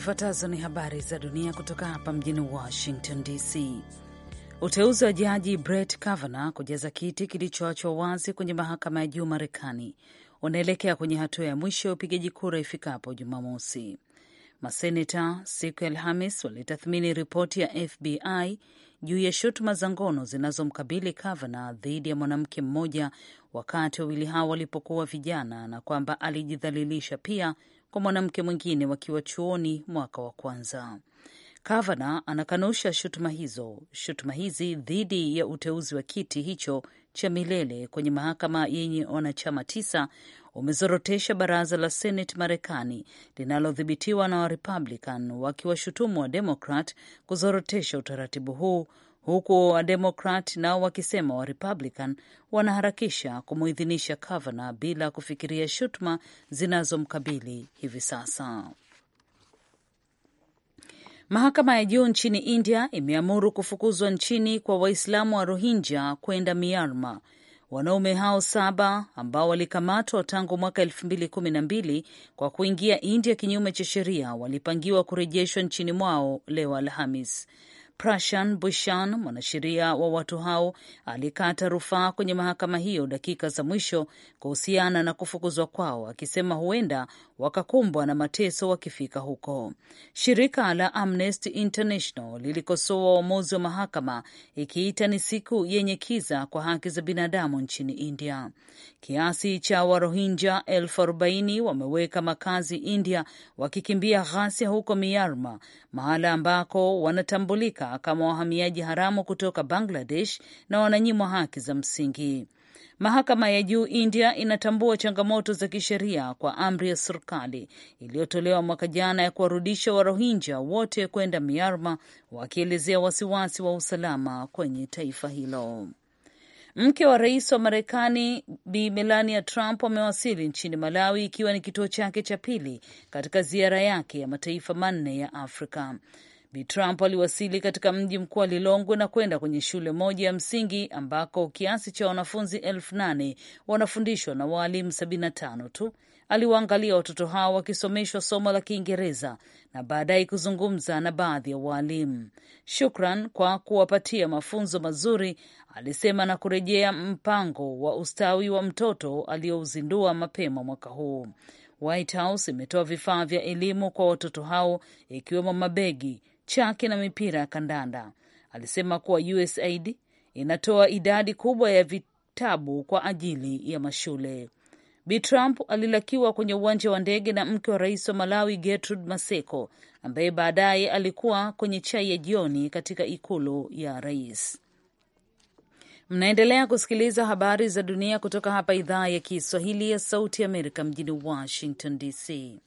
Zifuatazo ni habari za dunia kutoka hapa mjini Washington DC. Uteuzi wa jaji Brett Kavanaugh kujaza kiti kilichoachwa wazi kwenye mahakama ya juu Marekani unaelekea kwenye hatua ya mwisho ya upigaji kura ifikapo Jumamosi. Maseneta siku ya Alhamis walitathmini ripoti ya FBI juu ya shutuma za ngono zinazomkabili Kavanaugh dhidi ya mwanamke mmoja wakati wawili hao walipokuwa vijana, na kwamba alijidhalilisha pia kwa mwanamke mwingine wakiwa chuoni mwaka wa kwanza. Kavana anakanusha shutuma hizo. Shutuma hizi dhidi ya uteuzi wa kiti hicho cha milele kwenye mahakama yenye wanachama tisa umezorotesha baraza la Senate Marekani linalodhibitiwa na Warepublican wakiwashutumu wa Demokrat kuzorotesha utaratibu huu huku Wademokrat nao wakisema Warepublican wanaharakisha kumuidhinisha kavana bila kufikiria shutuma zinazomkabili hivi sasa. Mahakama ya juu nchini India imeamuru kufukuzwa nchini kwa Waislamu wa Rohingya kwenda Myanmar. Wanaume hao saba ambao walikamatwa tangu mwaka elfu mbili kumi na mbili kwa kuingia India kinyume cha sheria walipangiwa kurejeshwa nchini mwao leo Alhamis. Prashan Bushan, mwanasheria wa watu hao, alikata rufaa kwenye mahakama hiyo dakika za mwisho kuhusiana na kufukuzwa kwao, akisema huenda wakakumbwa na mateso wakifika huko. Shirika la Amnesty International lilikosoa uamuzi wa mahakama, ikiita ni siku yenye kiza kwa haki za binadamu nchini India. Kiasi cha Warohinja elfu arobaini wameweka makazi India, wakikimbia ghasia huko Myanmar, mahala ambako wanatambulika kama wahamiaji haramu kutoka Bangladesh na wananyimwa haki za msingi. Mahakama ya juu India inatambua changamoto za kisheria kwa amri ya serikali iliyotolewa mwaka jana ya kuwarudisha Warohinja wote kwenda Myanmar, wakielezea wasiwasi wa usalama kwenye taifa hilo. Mke wa rais wa Marekani Bi Melania Trump amewasili nchini Malawi, ikiwa ni kituo chake cha pili katika ziara yake ya mataifa manne ya Afrika. Bi Trump aliwasili katika mji mkuu wa Lilongwe na kwenda kwenye shule moja ya msingi ambako kiasi cha wanafunzi elfu nane wanafundishwa na waalimu 75 tu. Aliwaangalia watoto hao wakisomeshwa somo la Kiingereza na baadaye kuzungumza na baadhi ya waalimu. Shukran kwa kuwapatia mafunzo mazuri, alisema, na kurejea mpango wa ustawi wa mtoto aliouzindua mapema mwaka huu. White House imetoa vifaa vya elimu kwa watoto hao ikiwemo mabegi, chake na mipira ya kandanda. Alisema kuwa USAID inatoa idadi kubwa ya vitabu kwa ajili ya mashule. Bi Trump alilakiwa kwenye uwanja wa ndege na mke wa rais wa Malawi Gertrude Maseko, ambaye baadaye alikuwa kwenye chai ya jioni katika ikulu ya rais. Mnaendelea kusikiliza habari za dunia kutoka hapa idhaa ya Kiswahili ya Sauti Amerika mjini Washington DC.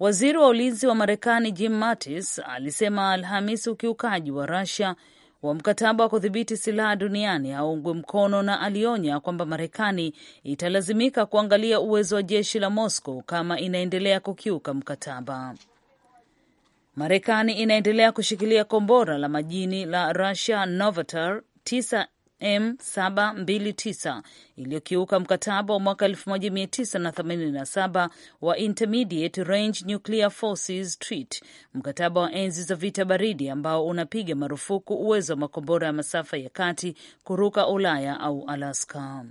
Waziri wa ulinzi wa Marekani Jim Mattis alisema Alhamis ukiukaji wa rasia wa mkataba wa kudhibiti silaha duniani aungwe mkono na alionya kwamba Marekani italazimika kuangalia uwezo wa jeshi la Moscow kama inaendelea kukiuka mkataba. Marekani inaendelea kushikilia kombora la majini la Russia Novator 9 M729 iliyokiuka mkataba wa mwaka 1987 wa Intermediate Range Nuclear Forces Treat, mkataba wa enzi za vita baridi ambao unapiga marufuku uwezo wa makombora ya masafa ya kati kuruka Ulaya au Alaska.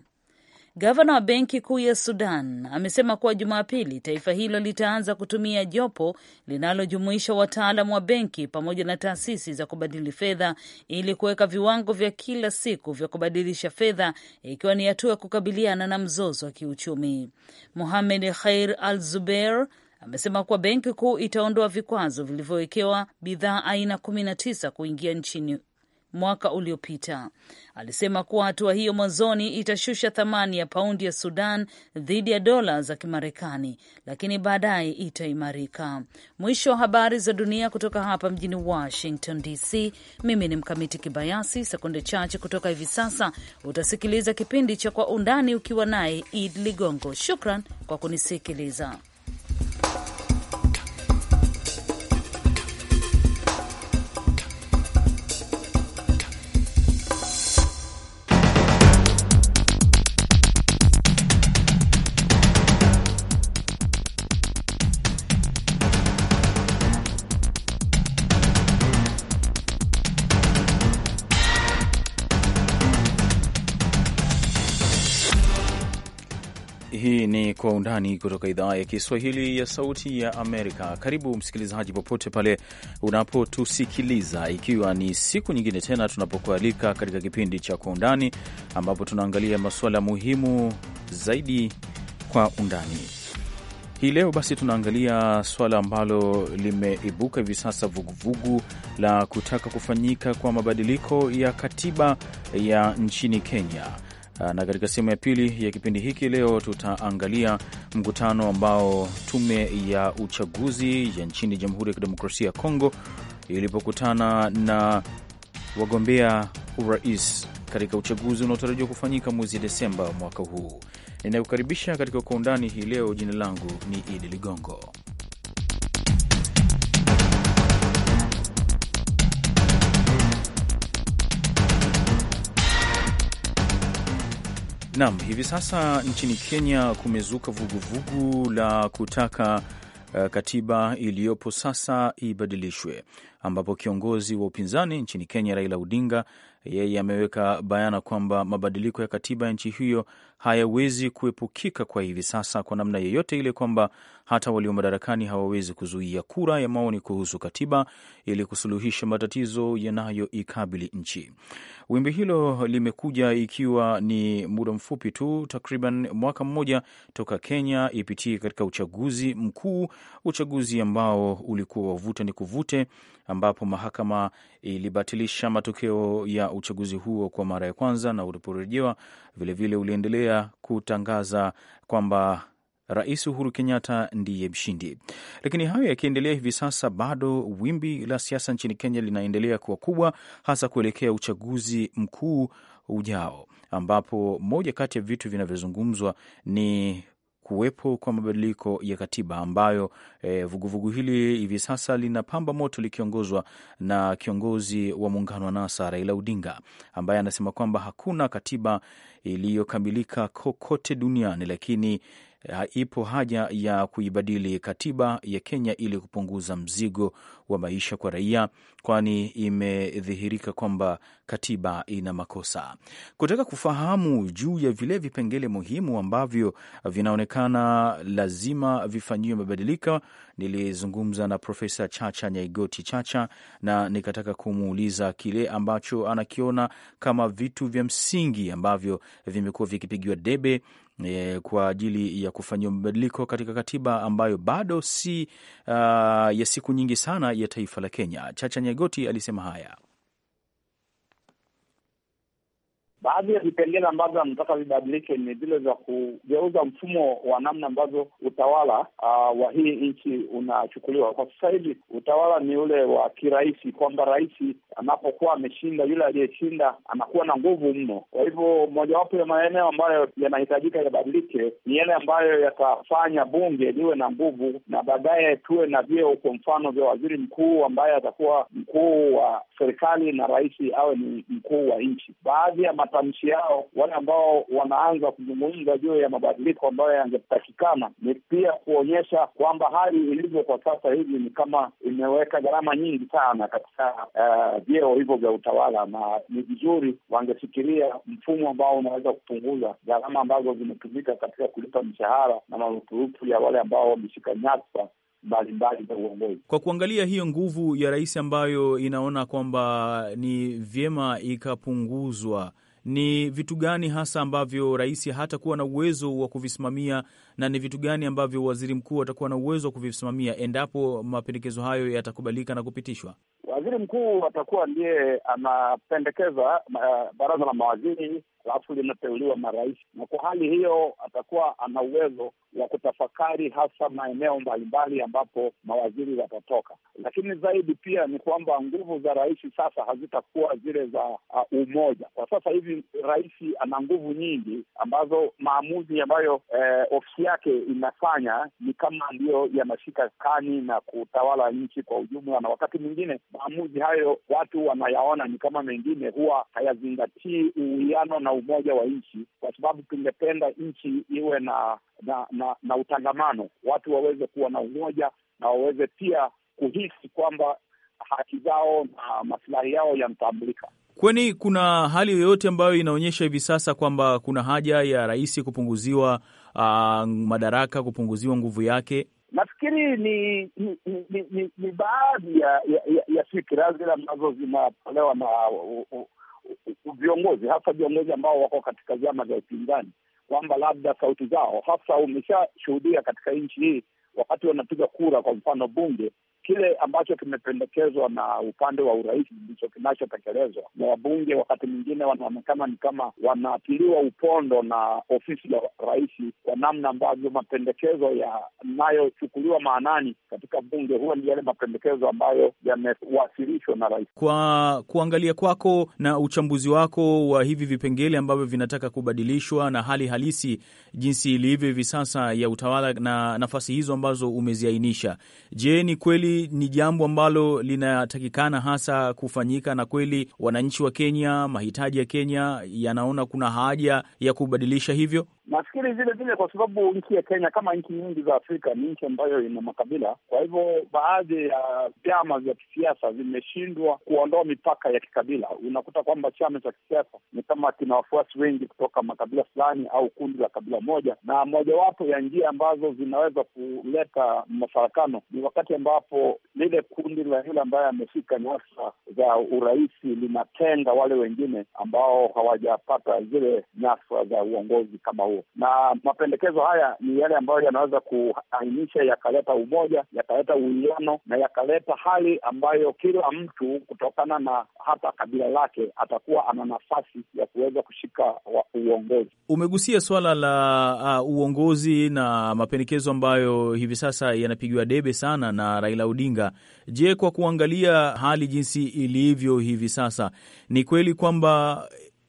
Gavana wa Benki Kuu ya Sudan amesema kuwa Jumapili taifa hilo litaanza kutumia jopo linalojumuisha wataalam wa benki pamoja na taasisi za kubadili fedha ili kuweka viwango vya kila siku vya kubadilisha fedha, ikiwa ni hatua ya kukabiliana na mzozo wa kiuchumi. muhamed Khair Al Zubeir amesema kuwa benki kuu itaondoa vikwazo vilivyowekewa bidhaa aina 19 kuingia nchini mwaka uliopita. Alisema kuwa hatua hiyo mwanzoni itashusha thamani ya paundi ya Sudan dhidi ya dola za Kimarekani, lakini baadaye itaimarika. Mwisho wa habari za dunia kutoka hapa mjini Washington DC. Mimi ni Mkamiti Kibayasi. Sekunde chache kutoka hivi sasa utasikiliza kipindi cha Kwa Undani ukiwa naye Id Ligongo. Shukran kwa kunisikiliza. undani kutoka idhaa ya Kiswahili ya Sauti ya Amerika. Karibu msikilizaji, popote pale unapotusikiliza, ikiwa ni siku nyingine tena tunapokualika katika kipindi cha Kwa Undani, ambapo tunaangalia masuala muhimu zaidi kwa undani. Hii leo basi tunaangalia suala ambalo limeibuka hivi sasa, vuguvugu la kutaka kufanyika kwa mabadiliko ya katiba ya nchini Kenya. Ah, na katika sehemu ya pili ya kipindi hiki leo tutaangalia mkutano ambao tume ya uchaguzi ya nchini Jamhuri ya Kidemokrasia ya Kongo ilipokutana na wagombea urais katika uchaguzi unaotarajiwa kufanyika mwezi Desemba mwaka huu. Ninakukaribisha katika Kwa Undani hii leo. Jina langu ni Idi Ligongo. Naam, hivi sasa nchini Kenya kumezuka vuguvugu vugu la kutaka eh, katiba iliyopo sasa ibadilishwe, ambapo kiongozi wa upinzani nchini Kenya Raila Odinga yeye ameweka bayana kwamba mabadiliko ya katiba ya nchi hiyo hayawezi kuepukika kwa hivi sasa kwa namna yeyote ile, kwamba hata walio madarakani hawawezi kuzuia kura ya maoni kuhusu katiba ili kusuluhisha matatizo yanayoikabili nchi. Wimbi hilo limekuja ikiwa ni muda mfupi tu, takriban mwaka mmoja toka Kenya ipitie katika uchaguzi mkuu, uchaguzi ambao ulikuwa wavuta ni kuvute, ambapo mahakama ilibatilisha matokeo ya uchaguzi huo kwa mara ya kwanza, na uliporejewa Vilevile uliendelea kutangaza kwamba Rais Uhuru Kenyatta ndiye mshindi. Lakini hayo yakiendelea hivi sasa, bado wimbi la siasa nchini Kenya linaendelea kuwa kubwa, hasa kuelekea uchaguzi mkuu ujao, ambapo moja kati ya vitu vinavyozungumzwa ni kuwepo kwa mabadiliko ya katiba ambayo e, vuguvugu vugu hili hivi sasa linapamba moto likiongozwa na kiongozi wa muungano wa NASA Raila Odinga ambaye anasema kwamba hakuna katiba iliyokamilika kokote duniani, lakini Eh, ipo haja ya kuibadili katiba ya Kenya ili kupunguza mzigo wa maisha kwa raia, kwani imedhihirika kwamba katiba ina makosa. Kutaka kufahamu juu ya vile vipengele muhimu ambavyo vinaonekana lazima vifanyiwe mabadiliko, nilizungumza na Profesa Chacha Nyaigoti Chacha na nikataka kumuuliza kile ambacho anakiona kama vitu vya msingi ambavyo vimekuwa vikipigiwa debe e, kwa ajili ya kufanyia mabadiliko katika katiba ambayo bado si uh, ya siku nyingi sana ya taifa la Kenya. Chacha Nyagoti alisema haya. Baadhi ya vipengele ambavyo anataka vibadilike ni vile vya kugeuza mfumo wa namna ambavyo utawala uh, wa hii nchi unachukuliwa kwa sasa hivi. Utawala ni ule wa kirahisi, kwamba rais anapokuwa ameshinda, yule aliyeshinda anakuwa na nguvu mno. Kwa hivyo mojawapo ya maeneo ambayo yanahitajika yabadilike ni yale ambayo yatafanya bunge liwe na nguvu, na baadaye tuwe na vyeo, kwa mfano vya waziri mkuu ambaye atakuwa mkuu wa serikali na rais awe ni mkuu wa nchi. Baadhi ya matamshi yao, wale ambao wanaanza kuzungumza juu ya mabadiliko ambayo yangetakikana, ni pia kuonyesha kwamba hali ilivyo kwa sasa hivi ni kama imeweka gharama nyingi sana katika uh, vyeo hivyo vya utawala, na ni vizuri wangefikiria mfumo ambao unaweza kupunguza gharama ambazo zimetumika katika kulipa mishahara na marupurupu ya wale ambao wameshika nyadhifa mbalimbali za uongozi. Kwa kuangalia hiyo nguvu ya rais ambayo inaona kwamba ni vyema ikapunguzwa ni vitu gani hasa ambavyo rais hatakuwa na uwezo wa kuvisimamia na ni vitu gani ambavyo waziri mkuu atakuwa na uwezo wa kuvisimamia endapo mapendekezo hayo yatakubalika na kupitishwa? Waziri mkuu atakuwa ndiye anapendekeza baraza la mawaziri, alafu linateuliwa marais, na kwa hali hiyo atakuwa ana uwezo ya kutafakari hasa maeneo mbalimbali ambapo mawaziri watatoka. Lakini zaidi pia ni kwamba nguvu za rais sasa hazitakuwa zile za uh, umoja. Kwa sasa hivi rais ana nguvu nyingi ambazo maamuzi ambayo eh, ofisi yake inafanya ni kama ndiyo yanashika kani na kutawala nchi kwa ujumla, na wakati mwingine maamuzi hayo watu wanayaona ni kama mengine huwa hayazingatii uwiano na umoja wa nchi, kwa sababu tungependa nchi iwe na na, na na, na utangamano, watu waweze kuwa na umoja na waweze pia kuhisi kwamba haki zao na masilahi yao yanatambulika. Kwani kuna hali yoyote ambayo inaonyesha hivi sasa kwamba kuna haja ya rais kupunguziwa uh, madaraka, kupunguziwa nguvu yake? Nafikiri ni ni, ni, ni, ni baadhi ya, ya, ya fikira zile ambazo zinatolewa na viongozi, hasa viongozi ambao wako katika vyama vya upinzani kwamba labda sauti zao, hasa umeshashuhudia katika nchi hii wakati wanapiga kura, kwa mfano bunge kile ambacho kimependekezwa na upande wa urais ndicho kinachotekelezwa, na wabunge wakati mwingine wanaonekana ni kama wanaatiliwa upondo na ofisi ya rais kwa namna ambavyo mapendekezo yanayochukuliwa maanani katika bunge huwa ni yale mapendekezo ambayo yamewasilishwa na rais. Kwa kuangalia kwako na uchambuzi wako wa hivi vipengele ambavyo vinataka kubadilishwa na hali halisi jinsi ilivyo hivi sasa ya utawala na nafasi hizo ambazo umeziainisha, je, ni kweli ni jambo ambalo linatakikana hasa kufanyika, na kweli wananchi wa Kenya, mahitaji ya Kenya yanaona kuna haja ya kubadilisha hivyo. Nafikiri vile vile kwa sababu nchi ya Kenya kama nchi nyingi za Afrika ni nchi ambayo ina makabila. Kwa hivyo baadhi ya vyama vya kisiasa vimeshindwa kuondoa mipaka ya kikabila. Unakuta kwamba chama cha kisiasa ni kama kina wafuasi wengi kutoka makabila fulani au kundi la kabila moja, na mojawapo ya njia ambazo zinaweza kuleta mafarakano ni wakati ambapo lile kundi la yule ambaye amefika nafasi za urais linatenga wale wengine ambao hawajapata zile nafasi za uongozi kama huo, na mapendekezo haya ni yale ambayo yanaweza kuainisha, yakaleta umoja, yakaleta uwiano na yakaleta hali ambayo kila mtu kutokana na hata kabila lake atakuwa ana nafasi ya kuweza kushika uongozi. Umegusia swala la uh, uongozi na mapendekezo ambayo hivi sasa yanapigiwa debe sana na Raila Odinga. Je, kwa kuangalia hali jinsi ilivyo hivi sasa, ni kweli kwamba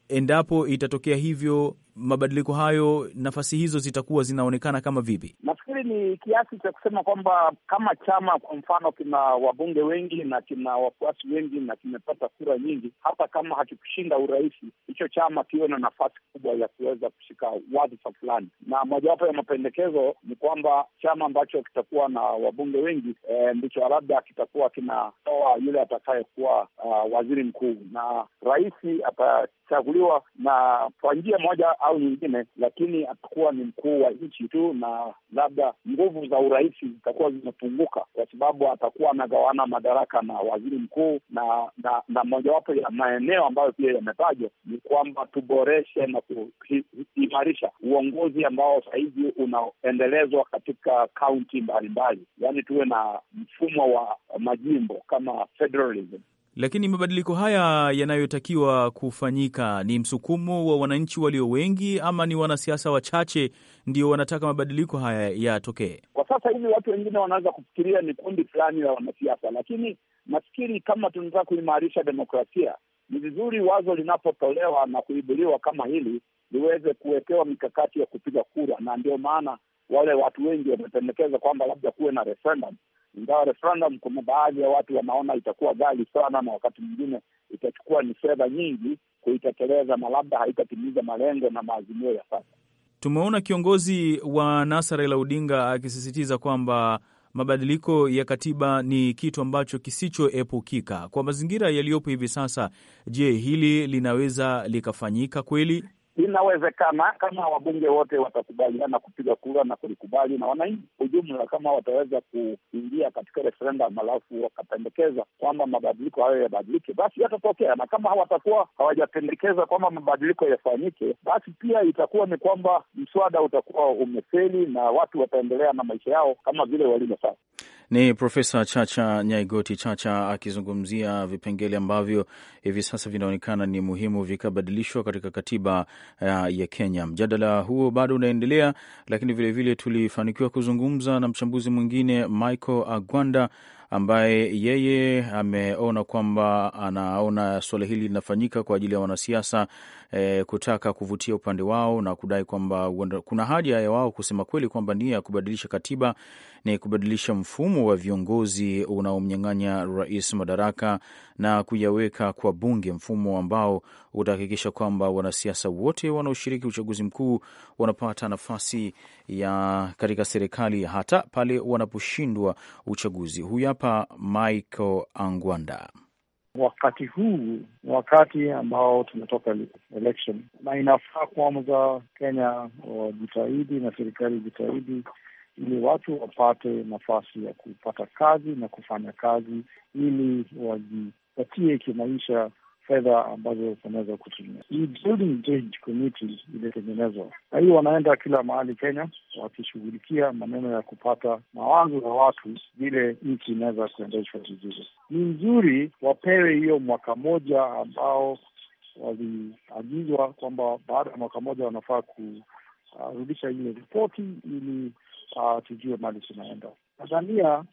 endapo itatokea hivyo mabadiliko hayo, nafasi hizo zitakuwa zinaonekana kama vipi? Nafikiri ni kiasi cha kusema kwamba kama chama kwa mfano kina wabunge wengi na kina wafuasi wengi na kimepata kura nyingi, hata kama hakikushinda urais, hicho chama kiwe na nafasi kubwa ya kuweza kushika wadhifa fulani, na mojawapo ya mapendekezo ni kwamba chama ambacho kitakuwa na wabunge wengi e, ndicho labda kitakuwa kinatoa yule atakayekuwa uh, waziri mkuu, na rais atachaguliwa na kwa njia moja au nyingine, lakini atakuwa ni mkuu wa nchi tu, na labda nguvu za urais zitakuwa zimepunguka, kwa sababu atakuwa anagawana madaraka na waziri mkuu, na na, na mojawapo ya maeneo ambayo pia yametajwa ni kwamba tuboreshe na kuimarisha uongozi ambao sahizi unaendelezwa katika kaunti mbalimbali, yaani tuwe na mfumo wa majimbo kama federalism. Lakini mabadiliko haya yanayotakiwa kufanyika ni msukumo wa wananchi walio wengi, ama ni wanasiasa wachache ndio wanataka mabadiliko haya yatokee? Kwa sasa hivi watu wengine wanaweza kufikiria ni kundi fulani la wanasiasa, lakini nafikiri kama tunataka kuimarisha demokrasia, ni vizuri wazo linapotolewa na kuibuliwa kama hili liweze kuwekewa mikakati ya kupiga kura, na ndio maana wale watu wengi wamependekeza kwamba labda kuwe na referendum ingawa referendum, kuna baadhi ya watu wanaona itakuwa ghali sana na wakati mwingine itachukua ni fedha nyingi kuitekeleza na labda haitatimiza malengo na maazimio ya sasa. Tumeona kiongozi wa NASA Raila Odinga akisisitiza kwamba mabadiliko ya katiba ni kitu ambacho kisichoepukika kwa mazingira yaliyopo hivi sasa. Je, hili linaweza likafanyika kweli? Inawezekana kama wabunge wote watakubaliana kupiga kura na kulikubali, na wananchi ujumla, kama wataweza kuingia katika referendum alafu wakapendekeza kwamba mabadiliko hayo yabadilike, basi yatatokea, na kama watakuwa hawajapendekeza kwamba mabadiliko yafanyike, basi pia itakuwa ni kwamba mswada utakuwa umefeli na watu wataendelea na maisha yao kama vile walivyo sasa. Ni Profesa Chacha Nyaigoti Chacha akizungumzia vipengele ambavyo hivi sasa vinaonekana ni muhimu vikabadilishwa katika katiba ya Kenya. Mjadala huo bado unaendelea, lakini vilevile tulifanikiwa kuzungumza na mchambuzi mwingine Michael Agwanda ambaye yeye ameona kwamba anaona suala hili linafanyika kwa ajili ya wanasiasa e, kutaka kuvutia upande wao na kudai kwamba kuna haja ya wao kusema kweli kwamba nia ya kubadilisha katiba ni kubadilisha mfumo wa viongozi unaomnyang'anya rais madaraka na kuyaweka kwa bunge mfumo ambao utahakikisha kwamba wanasiasa wote wanaoshiriki uchaguzi mkuu wanapata nafasi ya katika serikali hata pale wanaposhindwa uchaguzi. Huyu hapa Michael Angwanda. Wakati huu ni wakati ambao tumetoka election, na inafaa kwanza Kenya wajitahidi na serikali jitahidi ili watu wapate nafasi ya kupata kazi na kufanya kazi ili wajipatie kimaisha fedha ambazo zinaweza kutumia. Hii building committee na hii wanaenda kila mahali Kenya wakishughulikia maneno ya kupata mawazo ya watu vile nchi inaweza kuendeshwa vizuri. Ni nzuri wapewe hiyo mwaka moja ambao waliagizwa kwamba baada ya mwaka moja wanafaa kurudisha uh, ile ripoti ili uh, tujue mali tunaenda. Tanzania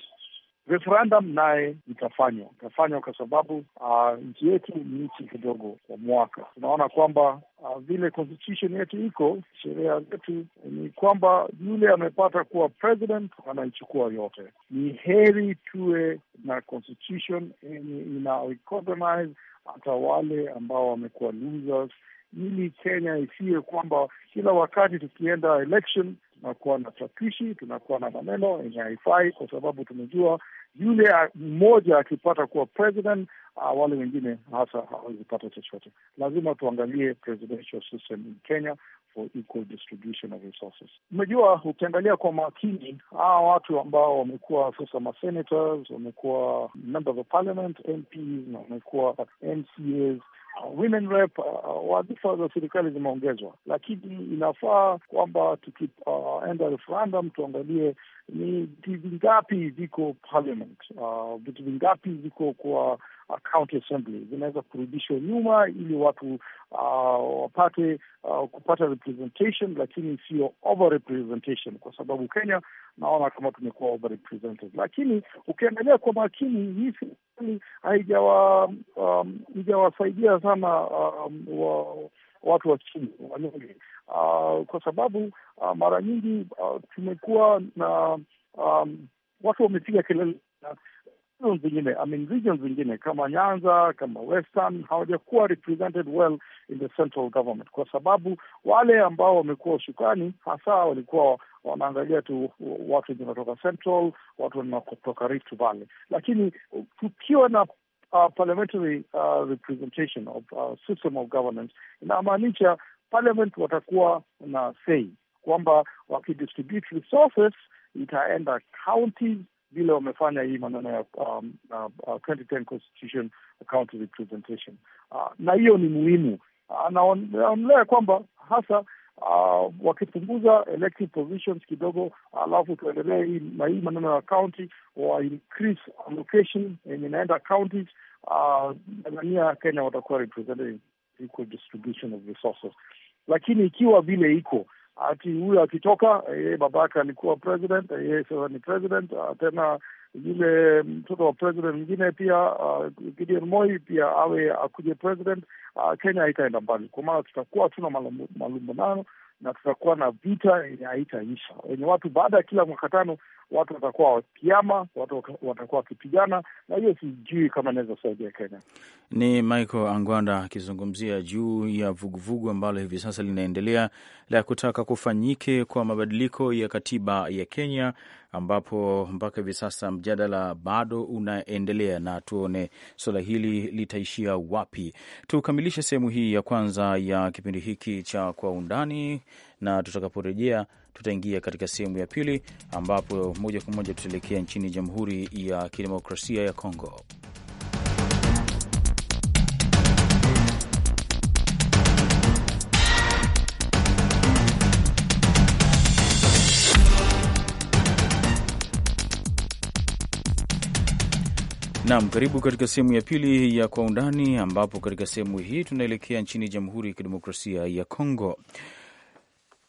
Referendum naye itafanywa itafanywa kwa sababu uh, nchi yetu ni nchi kidogo kwa mwaka. Tunaona kwamba uh, vile constitution yetu iko, sheria zetu ni kwamba yule amepata kuwa president anaichukua yote. Ni heri tuwe na constitution yenye ina recognize hata wale ambao wamekuwa losers, ili Kenya isiwe kwamba kila wakati tukienda election tunakuwa na tapishi, tunakuwa na maneno yenye haifai, kwa sababu tumejua yule mmoja akipata kuwa president uh, wale wengine hasa hawezi pata chochote. Lazima tuangalie presidential system in Kenya for equal distribution of resources. Umejua, ukiangalia kwa makini hawa watu ambao wamekuwa sasa masenators, wamekuwa members of parliament, MPs na wamekuwa MCAs Uh, women rep uh, wadhifa za serikali zimeongezwa, lakini inafaa kwamba tukienda uh, referendum tuangalie ni uh, vitu vingapi viko parliament, vitu uh, vingapi viko kwa county assembly zinaweza kurudishwa nyuma ili watu uh, wapate uh, kupata representation, lakini sio over representation, kwa sababu Kenya naona kama tumekuwa over represented. Lakini ukiangalia kwa makini, hii serikali um, haijawasaidia um, sana um, wa, watu wa chini wanyonge uh, kwa sababu uh, mara nyingi uh, tumekuwa na um, watu wamepiga kelele region zingine, I mean region zingine kama Nyanza, kama Western hawajakuwa represented well in the central government, kwa sababu wale ambao wamekuwa ushukani hasa walikuwa wanaangalia tu watu wenye wanatoka central, watu wanaotoka Rift Valley, lakini tukiwa na Uh, parliamentary uh, representation of uh, system of governance inamaanisha parliament watakuwa na say kwamba wakidistribute resources itaenda counties vile wamefanya hii maneno ya um, uh, 2010 uh, Constitution County Representation uh, na hiyo ni muhimu uh, naonelea kwamba hasa uh, wakipunguza elective provisions kidogo, alafu tuendelee na hii maneno ya county wa increase allocation yenye inaenda counties uh, Tanzania, Kenya watakuwa represented equal distribution of resources, lakini ikiwa vile iko ati huyo akitoka yeye eh, baba alikuwa president, eh, yeye sasa ni president ah, tena. Yule mtoto wa president mwingine pia uh, Gideon Moi pia awe akuje president uh, Kenya haitaenda mbali, kwa maana tutakuwa hatuna malumbanano na tutakuwa na vita yenye haitaisha, wenye watu baada ya kila mwaka tano watu watakuwa wakiama, watu watakuwa wakipigana, na hiyo sijui kama inaweza Kenya. Ni Michael Angwanda akizungumzia juu ya vuguvugu ambalo hivi sasa linaendelea la kutaka kufanyike kwa mabadiliko ya katiba ya Kenya ambapo mpaka hivi sasa mjadala bado unaendelea, na tuone suala hili litaishia wapi. Tukamilishe sehemu hii ya kwanza ya kipindi hiki cha Kwa Undani, na tutakaporejea tutaingia katika sehemu ya pili, ambapo moja kwa moja tutaelekea nchini Jamhuri ya Kidemokrasia ya Kongo. Naam, karibu katika sehemu ya pili ya Kwa Undani, ambapo katika sehemu hii tunaelekea nchini Jamhuri ya Kidemokrasia ya Kongo.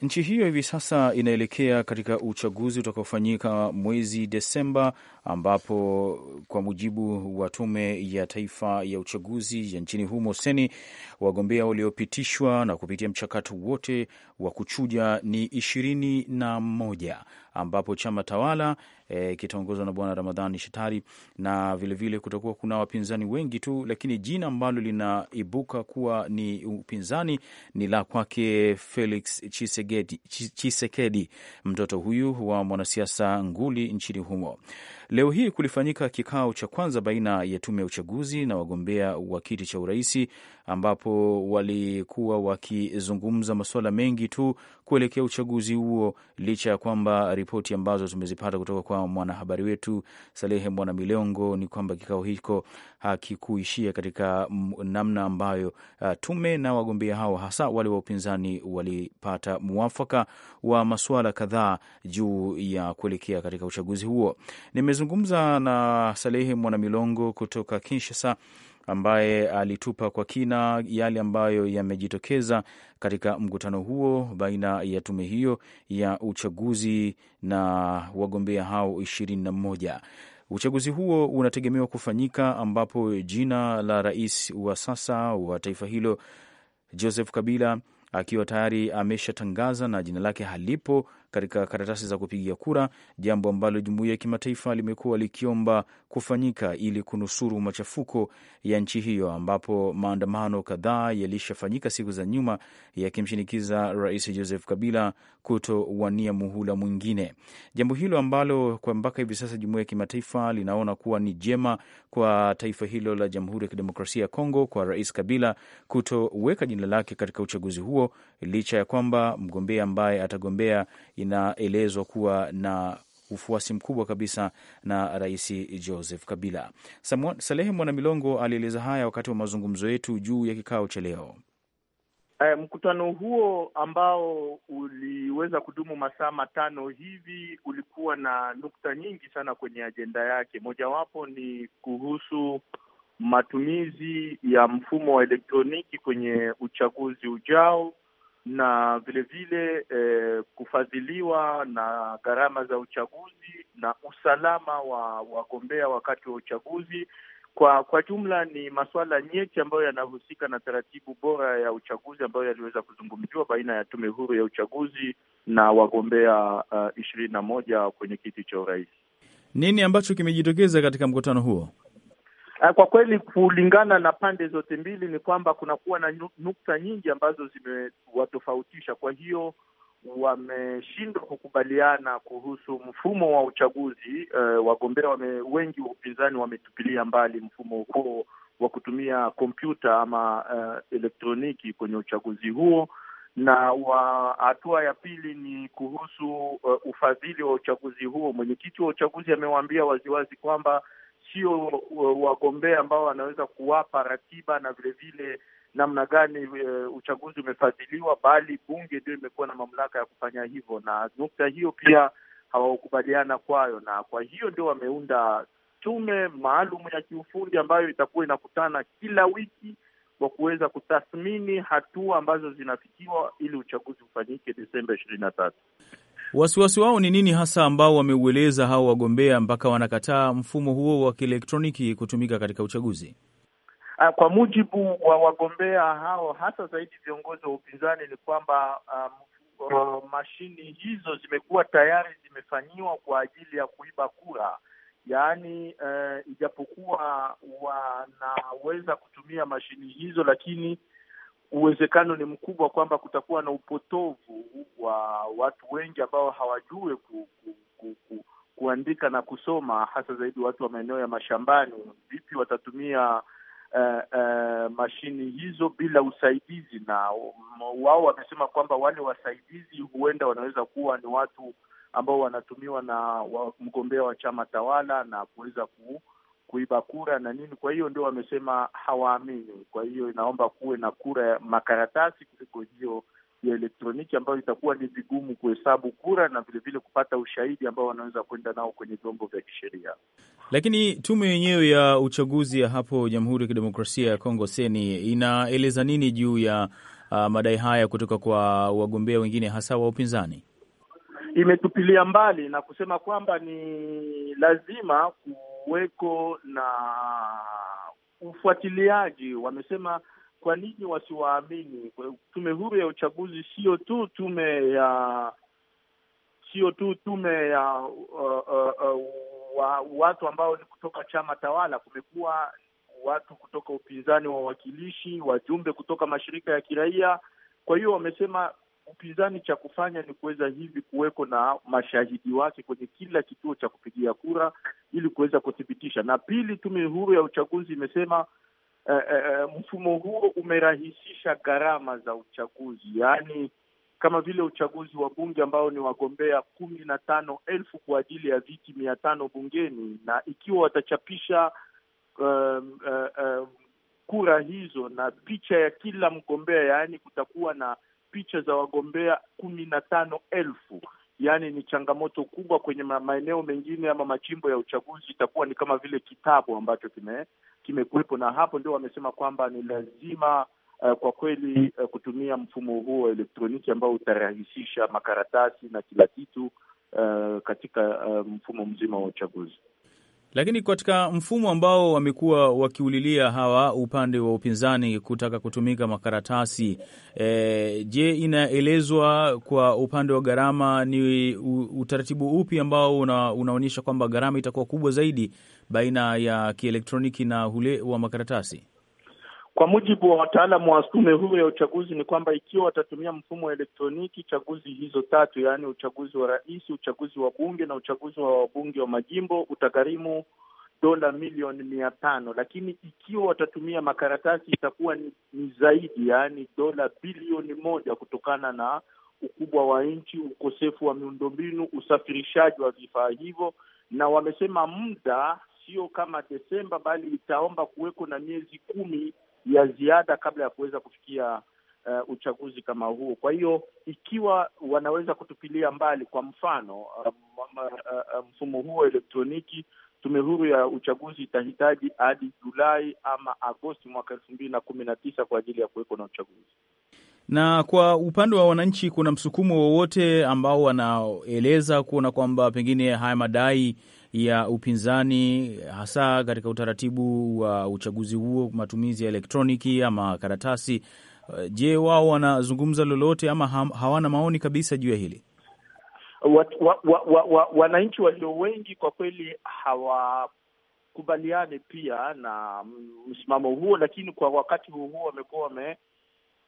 Nchi hiyo hivi sasa inaelekea katika uchaguzi utakaofanyika mwezi Desemba, ambapo kwa mujibu wa Tume ya Taifa ya Uchaguzi ya nchini humo seni wagombea waliopitishwa na kupitia mchakato wote wa kuchuja ni ishirini na moja ambapo chama tawala e, eh, kitaongozwa na Bwana Ramadhani Shitari na vilevile kutakuwa kuna wapinzani wengi tu, lakini jina ambalo linaibuka kuwa ni upinzani ni la kwake Felix Chisekedi, Chisekedi, mtoto huyu wa mwanasiasa nguli nchini humo. Leo hii kulifanyika kikao cha kwanza baina ya tume ya uchaguzi na wagombea wa kiti cha uraisi, ambapo walikuwa wakizungumza masuala mengi tu kuelekea uchaguzi huo, licha ya kwamba ripoti ambazo tumezipata kutoka kwa mwanahabari wetu Salehe Mwana Milongo ni kwamba kikao hicho hakikuishia katika namna ambayo uh, tume na wagombea hao hasa wale wa upinzani walipata muafaka wa masuala kadhaa juu ya kuelekea katika uchaguzi huo Nime nimezungumza na Salehe Mwanamilongo kutoka Kinshasa ambaye alitupa kwa kina yale ambayo yamejitokeza katika mkutano huo baina ya tume hiyo ya uchaguzi na wagombea hao ishirini na mmoja. Uchaguzi huo unategemewa kufanyika ambapo jina la rais wa sasa wa taifa hilo Joseph Kabila akiwa tayari ameshatangaza na jina lake halipo katika karatasi za kupigia kura, jambo ambalo jumuiya ya kimataifa limekuwa likiomba kufanyika ili kunusuru machafuko ya nchi hiyo, ambapo maandamano kadhaa yalishafanyika siku za nyuma yakimshinikiza Rais Joseph Kabila kutowania muhula mwingine, jambo hilo ambalo kwa mpaka hivi sasa jumuiya ya kimataifa linaona kuwa ni jema kwa taifa hilo la Jamhuri ya Kidemokrasia ya Kongo, kwa Rais Kabila kutoweka jina lake katika uchaguzi huo, licha ya kwamba mgombea ambaye atagombea inaelezwa kuwa na ufuasi mkubwa kabisa na Rais Joseph Kabila. Salehe Mwanamilongo alieleza haya wakati wa mazungumzo yetu juu ya kikao cha leo. E, mkutano huo ambao uliweza kudumu masaa matano hivi ulikuwa na nukta nyingi sana kwenye ajenda yake. Mojawapo ni kuhusu matumizi ya mfumo wa elektroniki kwenye uchaguzi ujao na vilevile eh, kufadhiliwa na gharama za uchaguzi na usalama wa wagombea wakati wa uchaguzi. Kwa kwa jumla ni masuala nyeti ambayo yanahusika na taratibu bora ya uchaguzi ambayo yaliweza kuzungumziwa baina ya tume huru ya uchaguzi na wagombea eh, ishirini uh, na moja kwenye kiti cha urais. Nini ambacho kimejitokeza katika mkutano huo? Ah, kwa kweli kulingana na pande zote mbili ni kwamba kunakuwa na nukta nyingi ambazo zimewatofautisha. Kwa hiyo wameshindwa kukubaliana kuhusu mfumo wa uchaguzi. Uh, wagombea wame, wengi wa upinzani wametupilia mbali mfumo huo wa kutumia kompyuta ama uh, elektroniki kwenye uchaguzi huo, na hatua ya pili ni kuhusu uh, ufadhili wa uchaguzi huo. Mwenyekiti wa uchaguzi amewaambia waziwazi kwamba sio wagombea ambao wanaweza kuwapa ratiba na vilevile namna gani e, uchaguzi umefadhiliwa, bali bunge ndio imekuwa na mamlaka ya kufanya hivyo, na nukta hiyo pia hawakukubaliana kwayo, na kwa hiyo ndio wameunda tume maalum ya kiufundi ambayo itakuwa inakutana kila wiki kwa kuweza kutathmini hatua ambazo zinafikiwa ili uchaguzi ufanyike Desemba ishirini na tatu. Wasiwasi wao ni nini hasa ambao wameueleza hao wagombea mpaka wanakataa mfumo huo wa kielektroniki kutumika katika uchaguzi? Ah, kwa mujibu wa wagombea hao, hasa zaidi viongozi wa upinzani, ni kwamba um, mashini hizo zimekuwa tayari zimefanyiwa kwa ajili ya kuiba kura. Yaani uh, ijapokuwa wanaweza kutumia mashini hizo, lakini uwezekano ni mkubwa kwamba kutakuwa na upotovu wa watu wengi ambao hawajue ku, ku, ku, ku, kuandika na kusoma, hasa zaidi watu wa maeneo ya mashambani. Vipi watatumia uh, uh, mashini hizo bila usaidizi? Na wao wamesema kwamba wale wasaidizi huenda wanaweza kuwa ni watu ambao wanatumiwa na mgombea wa chama tawala na kuweza ku kuiba kura na nini. Kwa hiyo ndio wamesema hawaamini, kwa hiyo inaomba kuwe na kura ya makaratasi kuliko hiyo ya elektroniki ambayo itakuwa ni vigumu kuhesabu kura na vilevile kupata ushahidi ambao wanaweza kwenda nao kwenye vyombo vya kisheria. Lakini tume yenyewe ya uchaguzi ya hapo Jamhuri ya Kidemokrasia ya Kongo seni inaeleza nini juu ya uh, madai haya kutoka kwa wagombea wengine hasa wa upinzani? Imetupilia mbali na kusema kwamba ni lazima ku kuweko na ufuatiliaji. Wamesema kwa nini wasiwaamini? Tume huru ya uchaguzi sio tu tume ya sio tu tume ya uh, uh, uh, wa, watu ambao ni kutoka chama tawala. Kumekuwa watu kutoka upinzani, wawakilishi, wajumbe kutoka mashirika ya kiraia. Kwa hiyo wamesema upinzani cha kufanya ni kuweza hivi kuweko na mashahidi wake kwenye kila kituo cha kupigia kura ili kuweza kuthibitisha. Na pili, tume huru ya uchaguzi imesema eh, eh, eh, mfumo huo umerahisisha gharama za uchaguzi, yaani kama vile uchaguzi wa bunge ambao ni wagombea kumi na tano elfu kwa ajili ya viti mia tano bungeni, na ikiwa watachapisha um, uh, um, kura hizo na picha ya kila mgombea, yaani kutakuwa na picha za wagombea kumi na tano elfu yaani ni changamoto kubwa kwenye maeneo mengine ama majimbo ya uchaguzi, itakuwa ni kama vile kitabu ambacho kime kimekuwepo, na hapo ndio wamesema kwamba ni lazima uh, kwa kweli uh, kutumia mfumo huo wa elektroniki ambao utarahisisha makaratasi na kila kitu uh, katika uh, mfumo mzima wa uchaguzi. Lakini katika mfumo ambao wamekuwa wakiulilia hawa upande wa upinzani kutaka kutumika makaratasi e, je, inaelezwa kwa upande wa gharama ni utaratibu upi ambao una, unaonyesha kwamba gharama itakuwa kubwa zaidi baina ya kielektroniki na ule wa makaratasi? Kwa mujibu wa wataalamu wa tume huru ya uchaguzi ni kwamba ikiwa watatumia mfumo wa elektroniki, chaguzi hizo tatu, yaani uchaguzi wa rais, uchaguzi wa bunge na uchaguzi wa wabunge wa majimbo utagharimu dola milioni mia tano, lakini ikiwa watatumia makaratasi itakuwa ni, ni zaidi, yaani dola bilioni moja kutokana na ukubwa wa nchi, ukosefu wa miundombinu, usafirishaji wa vifaa hivyo, na wamesema muda sio kama Desemba bali itaomba kuweko na miezi kumi ya ziada kabla ya kuweza kufikia uh, uchaguzi kama huo. Kwa hiyo ikiwa wanaweza kutupilia mbali kwa mfano um, um, uh, uh, mfumo huo elektroniki, tume huru ya uchaguzi itahitaji hadi Julai ama Agosti mwaka elfu mbili na kumi na tisa kwa ajili ya kuweko na uchaguzi na kwa upande wa wananchi, kuna msukumo wowote ambao wanaeleza kuona kwamba pengine haya madai ya upinzani hasa katika utaratibu wa uchaguzi huo, matumizi ya elektroniki ama karatasi. Eh, je, wao wanazungumza lolote ama hawana maoni kabisa juu ya hili? Wananchi wa, wa, wa, wa, walio wengi kwa kweli hawakubaliani pia na msimamo huo, lakini kwa wakati huo huo wamekuwa wame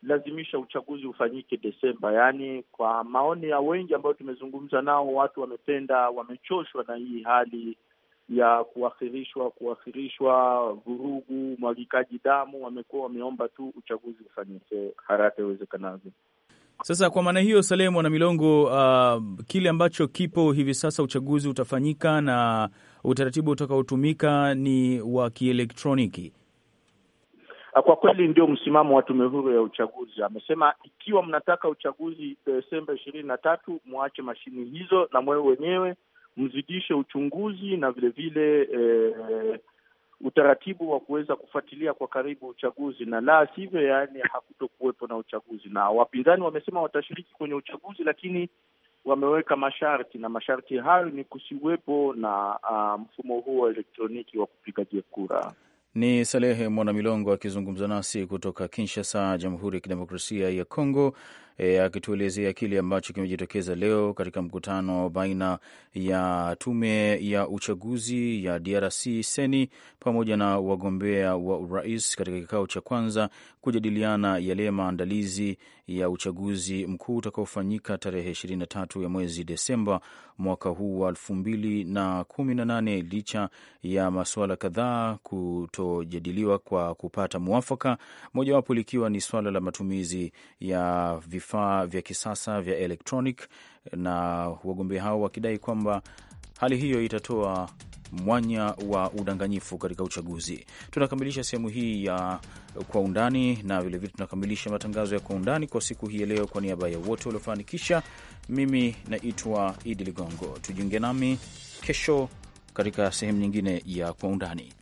lazimisha uchaguzi ufanyike Desemba. Yaani, kwa maoni ya wengi ambayo tumezungumza nao, watu wamependa, wamechoshwa na hii hali ya kuahirishwa kuahirishwa vurugu, mwagikaji damu. Wamekuwa wameomba tu uchaguzi ufanyike haraka iwezekanavyo. Sasa kwa maana hiyo, Salehe Mwana Milongo, uh, kile ambacho kipo hivi sasa, uchaguzi utafanyika na utaratibu utakaotumika ni wa kielektroniki. Ah, kwa kweli ndio msimamo wa tume huru ya uchaguzi. Amesema ikiwa mnataka uchaguzi eh, Desemba ishirini na tatu, mwache mashini hizo na mwewe wenyewe mzidishe uchunguzi na vilevile vile, eh, utaratibu wa kuweza kufuatilia kwa karibu uchaguzi, na la sivyo, yaani hakutokuwepo na uchaguzi. Na wapinzani wamesema watashiriki kwenye uchaguzi, lakini wameweka masharti, na masharti hayo ni kusiwepo na uh, mfumo huo wa elektroniki wa kupigaje kura. Ni Salehe Mwanamilongo akizungumza nasi kutoka Kinshasa, Jamhuri ya Kidemokrasia ya Kongo, e, akituelezea kile ambacho kimejitokeza leo katika mkutano baina ya tume ya uchaguzi ya DRC seni pamoja na wagombea wa urais katika kikao cha kwanza kujadiliana yale maandalizi ya uchaguzi mkuu utakaofanyika tarehe 23 ya mwezi Desemba mwaka huu wa 2018 licha ya masuala kadhaa kutojadiliwa kwa kupata mwafaka, mojawapo likiwa ni swala la matumizi ya vif vifaa vya kisasa vya electronic, na wagombea hao wakidai kwamba hali hiyo itatoa mwanya wa udanganyifu katika uchaguzi. Tunakamilisha sehemu hii ya Kwa Undani na vilevile tunakamilisha matangazo ya Kwa Undani kwa siku hii ya leo. Kwa niaba ya wote waliofanikisha, mimi naitwa Idi Ligongo. Tujiunge nami kesho katika sehemu nyingine ya Kwa Undani.